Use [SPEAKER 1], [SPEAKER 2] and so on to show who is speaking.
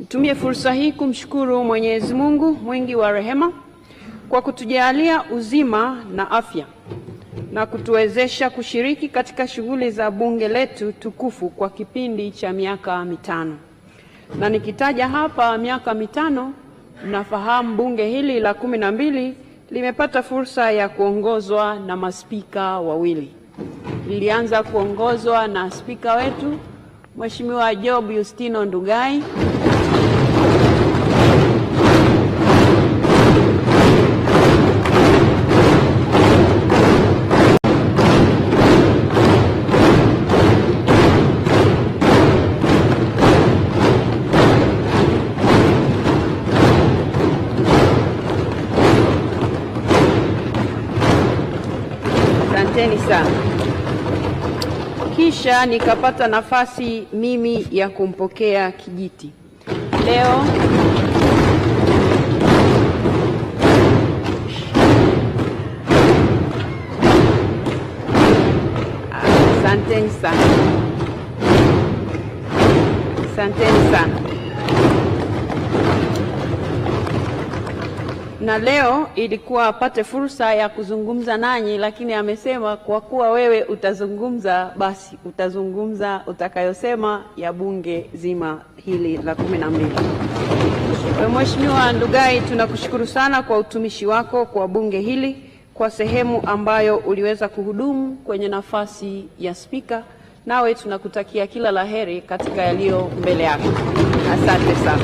[SPEAKER 1] Nitumie fursa hii kumshukuru Mwenyezi Mungu mwingi wa rehema kwa kutujalia uzima na afya na kutuwezesha kushiriki katika shughuli za bunge letu tukufu kwa kipindi cha miaka mitano. Na nikitaja hapa miaka mitano, mnafahamu bunge hili la kumi na mbili limepata fursa ya kuongozwa na maspika wawili. Lilianza kuongozwa na spika wetu Mheshimiwa Job Yustino Ndugai
[SPEAKER 2] asanteni sana. Kisha nikapata nafasi mimi ya kumpokea kijiti leo. Asanteni sana, asanteni sana na leo ilikuwa apate fursa ya kuzungumza nanyi, lakini amesema kwa kuwa wewe utazungumza, basi utazungumza utakayosema ya bunge zima hili la kumi na mbili. Mheshimiwa Ndugai, tunakushukuru sana kwa utumishi wako kwa bunge hili, kwa sehemu ambayo uliweza kuhudumu kwenye nafasi ya spika, nawe tunakutakia kila laheri katika yaliyo mbele yako. Asante sana.